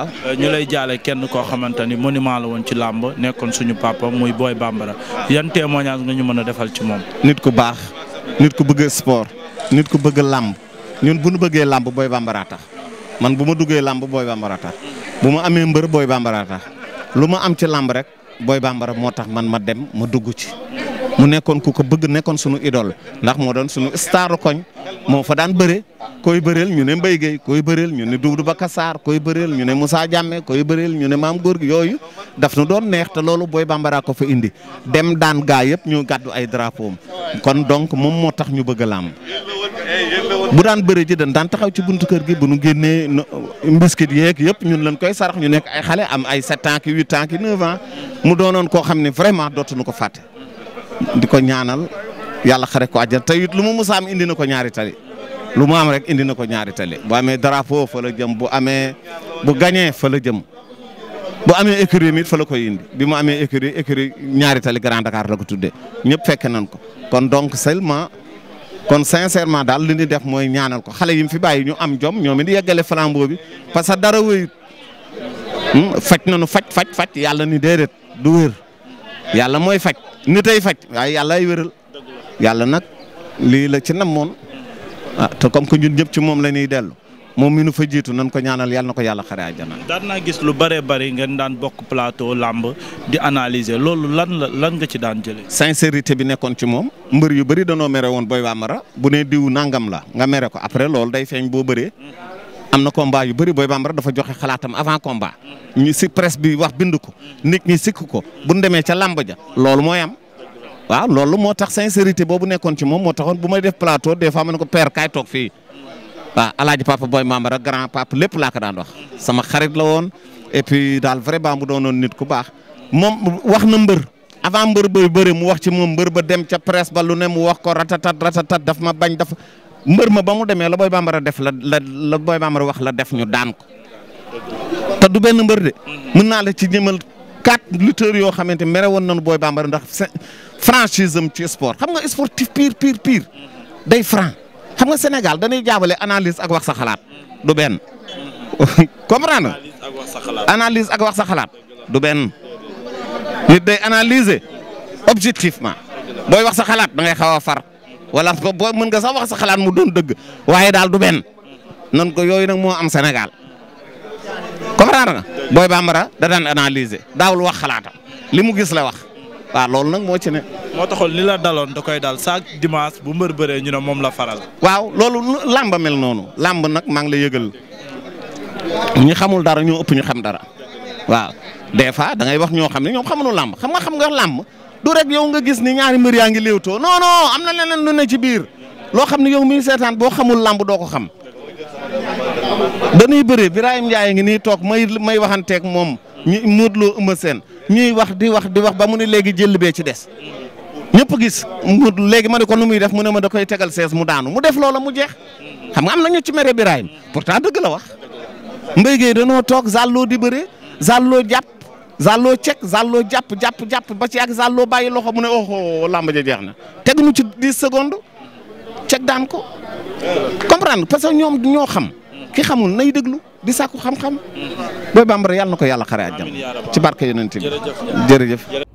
Euh, ñu lay jaale kenn koo xamante ni monument la woon ci làmb nekkoon suñu papa muy booy Bambara yan témoignage nga ñu mën a defal ci moom. nit ku baax nit ku bëgg sport nit ku bëgg làmb ñun bu ñu bëggee làmb booy Bambara man bu ma duggee làmb booy Bambara bu ma amee mbër booy Bambara lu ma am ci làmb rek booy Bambara moo tax man ma dem ma dugg ci. mu nekkoon ku ko bëgg nekkoon sunu idole ndax moo doon sunu star koñ moo fa daan bëre koy bëreel ñu ne Mbaye Guèye koy bëreel ñu ne ba Bakassar koy bëreel ñu ne Moussa Diame koy bëreel ñu ne maam góor gi yooyu daf nu doon neex te loolu booy bambara ko fa indi dem daan gaa yëpp ñu gàddu ay drapeau kon donc moom moo tax ñu bëgg a làmb bu daan bëre ji dañ daan taxaw ci buntu kër gi bu nu génnee mbiskit yeeg yëpp ñun lañ koy sarax ñu nekk ay xale am ay sept ans ki huit ans ki mu doonoon koo xam ne vraiment dootuñu ko fàtte. di ko ñaanal yàlla xare ko àjjana te it lu mu mës a am indi na ko ñaari tali lu mu am rek indi na ko ñaari tali bu amee drapeau fa la jëm bu amee bu gañee fa la jëm bu amee écurie mi it fa la koy bi mu amee écurie écurie ñaari tali Grand Dakar la ko tuddee ñëpp fekk nañ ko kon donc seulement kon sincèrement daal li ñu def mooy ñaanal ko xale yi mu fi bàyyi ñu am jom ñoom it yeggale flambeau bi parce que dara wéyut hmm, faj nañu faj faj faj yàlla ni déedéet du ni tay faj waaye yàlla ay wéral yàlla nag lii la ci namoon a ah, te comme que ñun ñëpp ci moom la ñuy dellu moom mi nu fa jiitu nan ko ñaanal yàlla na ko yàlla xare àjjana. daan naa gis lu bëree bëri ngeen daan bokk plateau làmb di analyser loolu lan la lan nga ci daan jëlee. sincérité bi nekkoon ci moom mbër yu bëri danoo mere woon Boy Wamara bu ne diw nangam la nga mere ko après loolu day feeñ boo bëree. am na combat yu bëri Boy Bambara dafa joxe xalaatam avant combat ñu si presse bi wax bind ko nit ñi sikk ko bu ñu demee ca làmb ja loolu mooy am waaw loolu moo tax sincérité boobu nekkoon ci moom moo taxoon bu ma def plateau des a ma ne ko père kaay toog fii waaw alaaji papa Boy Bambara grand papa lépp laa ko daan wax sama xarit la woon et puis daal vraiment mu doonoon nit ku baax moom wax na mbër avant mbër bay bëri mu wax ci moom mbër ba dem ca presse ba lu ne mu wax ko ratatat ratatat daf ma bañ daf mbër ma ba mu demee la booy bambara def la la la booy bambara wax la def ñu daan ko te du benn mbër de mu naa la ci ñëmal quatre lutteurs yoo xamante mere woon nañu booy bambara ndax franchise am ci sport xam nga sportif pire pire day franc xam nga Sénégal dañuy jaabale analyse ak wax sa xalaat du benn comprendre analyse ak wax sa xalaat du benn nit day analyser objectivement booy wax xalaat da ngay xaw a far wala boo mën nga sax wax sa xalaat mu doon dëgg waaye daal du benn nan ko yooyu nag moo am Sénégal comprendre nga booy bambara da daan analyser daawul wax xalaatam li mu gis la wax waaw loolu nag moo ci ne. moo taxoon li la daloon da koy dal saak dimanche bu mbër bëree ñu ne moom la faral. waaw loolu làmb mel noonu làmb nag maa ngi la yëgal ñu xamul dara ñoo ëpp ñu xam dara waaw des fois da ngay wax ñoo xam ne ñoom xamuñu làmb xam nga xam nga làmb du rek yow nga gis ni ñaari mbër yaa ngi léewtoo non non am na leneen lu ne ci biir loo xam ne yow mi seetaan boo xamul làmb doo ko xam dañuy bëre Birahim Ndiaye ngi nii toog may may waxanteeg moom ñu muutloo ëmb seen ñuy wax di wax di wax ba mu ne léegi jël bee ci des ñëpp gis mu léegi ma ne ko nu muy def mu ne ma da koy tegal sees mu daanu mu def loola mu jeex xam nga am na ñu ci mere Birahim pourtant dëgg la wax mbéy gee danoo toog zàlloo di bëre zàlloo jàpp. Zallo cek Zallo jàpp jàpp jàpp ba ci ak Zallo bàyyi loxo mu ne oh, oh, oh làmb ja jeex na teg nu ci 10 secondes cek daan ko. comprendre parce que ñoom ñoo xam. ki xamul nay déglu di saku xam-xam. booy bambara yàlla na ko yàlla xaree àjjana. ci barke nan bi jërëjëf.